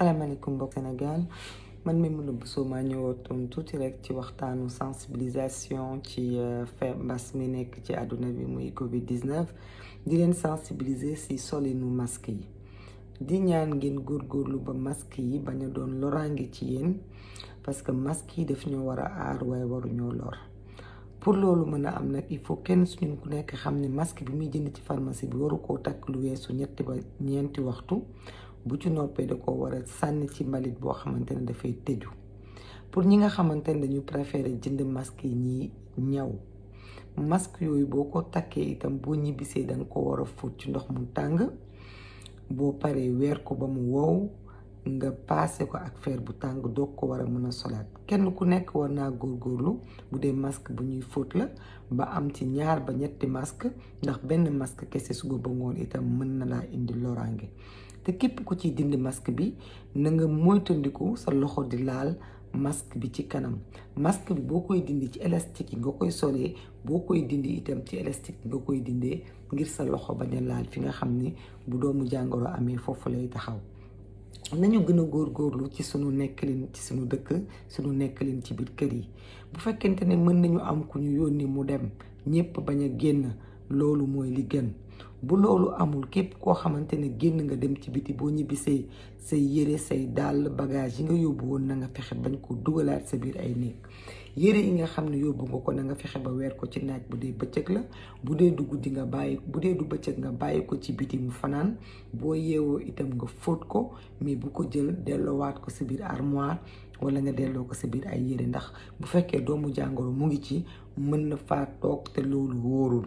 asalaamaaleykum mbokk Sénégal man Maimouna Loum Bousso maa ñëwatoon tuuti rek ci waxtaanu sensibilisation ci euh, feeb mbas mi nekk ci àdduna bi muy Covid 19 di leen sensibiliser si solinu masque yi di ñaan ngeen góor góorlu ba masque yi bañ a doon loraange ci yéen parce que masque yi def ñoo war a aar waaye waruñoo lor. pour loolu mën a am nag il faut kenn suñu ku nekk xam ne masque bi muy jënd ci pharmacie bi waru koo takk lu weesu ñetti ba ñeenti waxtu bu ci noppee da ko war a sànni ci mbalit boo xamante ne dafay tëju pour ñi nga xamante ne dañu préféré jënd mask yi ñi ñaw masque yooyu boo ko takkee itam boo ñibbisee da ko war a fóot ci ndox mu tàng boo paree weer ko ba mu wow nga paase ko ak fer bu tàng doog ko war a mën a solaat kenn ku nekk war naa góorlu bu dee masque bu ñuy fóot la ba am ci ñaar ba ñetti masque ndax benn masque kese suba ba ngoon itam mën na laa indi loraange te képp ku ciy dindi masque bi na nga moytandiku sa loxo di laal masque bi ci kanam masque bi boo koy dindi ci élastique yi nga koy solee boo koy dind itam ci élastique yi nga koy dindee ngir sa loxo ba a laal fi nga xam ni bu doomu jàngoro amee foofu lay taxaw nañu gën a góorlu ci suñu nekkalin ci suñu dëkk suñu nekkalin ci biir kër yi bu fekkente ne mën nañu am ku ñu yónni mu dem ñëpp bañ a génn loolu mooy li gën bu loolu amul képp koo xamante ne génn nga dem ci biti boo ñibbisee say yére say dàll bagage yi nga yóbbu woon na nga fexe bañ ko dugalaat sa biir ay néeg yére yi nga xam ne yóbbu nga ko na nga fexe ba weer ko ci naaj bu dee bëccëg la bu dee du guddi nga bàyyi bu dee du bëccëg nga bàyyi ko ci biti mu fanaan boo yeewoo itam nga fóot ko mais bu ko jël delloowaat ko si biir armoire wala nga delloo ko si biir ay yére ndax bu fekkee doomu jàngoro mu ngi ci mën na faa toog te loolu wóorul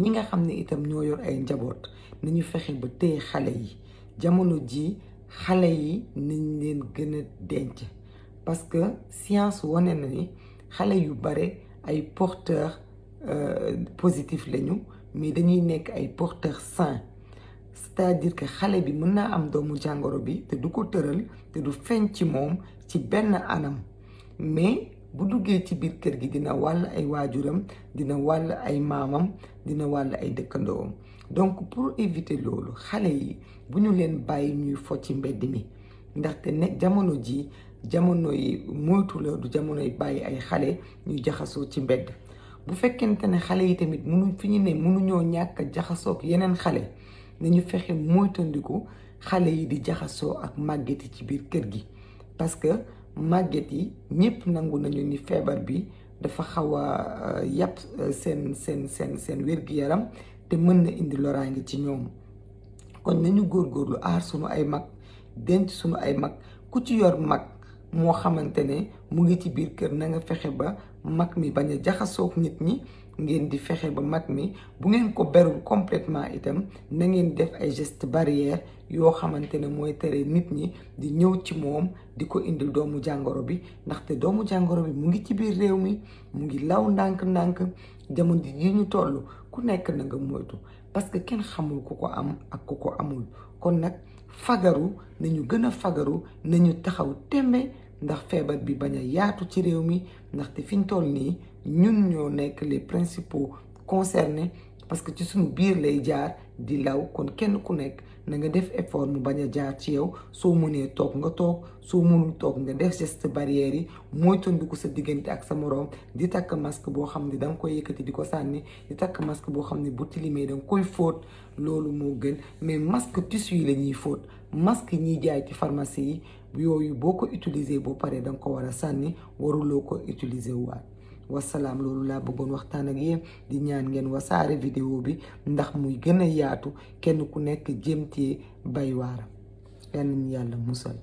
ñi nga xam ne itam ñoo yor ay njaboot na nañu fexe ba tey xale yi jamono ji xale yi nañ leen gën a denc parce que science wane na ni xalé yu bare ay porteurs euh, positifs lañu mais dañuy nek ay porteurs sains c'est-à-dire que xalé bi mëna am doomu jangoro bi te du ko teurel te du feeñ ci mom ci benn anam mais bu duggé ci biir kër gi dina wàll ay wajuram dina wàll ay mamam dina wàll ay dëkkandoom donc pour éviter lolu xalé yi buñu ñu leen ñuy fo ci mbéd mi ndax té jamono ji jamono yi moytu la du jamono bàyyi ay xale ñuy jaxasoo ci mbedd bu fekkente ne xale yi tamit munu fi ñu ne mënuñoo ñàkk a jaxasoo yeneen xale nañu fexe moytandiku xale yi di jaxasoo ak màgget yi ci biir kër gi parce que màgget yi ñëpp nangu nañu ni feebar bi dafa xaw a euh, yàpp euh, seen seen seen seen wér-gu-yaram te mën na indi loraange ci ñoom kon nañu góorgóorlu aar sunu ay mag denc sunu ay mag ku ci yor mag moo xamante ne mu ngi ci biir kër na nga fexe ba mag mi bañ a jaxasoog nit ñi ngeen di fexe ba mag mi bu ngeen ko beru completement itam na ngeen def ay gestes barrières yoo xamante ne mooy tere nit ñi di ñëw ci moom di ko indil doomu jàngoro bi ndaxte doomu jàngoro bi mu ngi ci biir réew mi mu ngi law ndànk-ndànk jamono ji ñu toll ku nekk na nga moytu parce que kenn xamul ku ko am ak ku ko amul kon nag fagaru nañu gana fagaru nañu taxaw tembe ndax feebar bi de yaatu ci réew mi ndax nous toll les principaux concernés parce que ci suñu biir lay jaar di law kon kenn ku nekk na nga def effort mu bañ a jaar ci yow soo mënee toog nga toog soo mënul toog nga def geste barrière yi mooy tondiku sa diggante ak sa moroom di takk masque boo xam ne da nga koy yëkkati di ko sànni di takk masque boo xam ne bu tilimee da nga koy fóot loolu moo gën mais masque tissu yi la ñuy fóot masque yi ñuy jaay ci pharmacie yi yooyu boo ko utiliser boo paree danga ko war a sànni waruloo ko utiliser waat wasalaam loolu laa bëggoon waxtaan ak yéen di ñaan ngeen wasaare vidéo bi ndax muy gën a yaatu kenn ku nekk jéem cee bay waaram yal nañu yàlla musal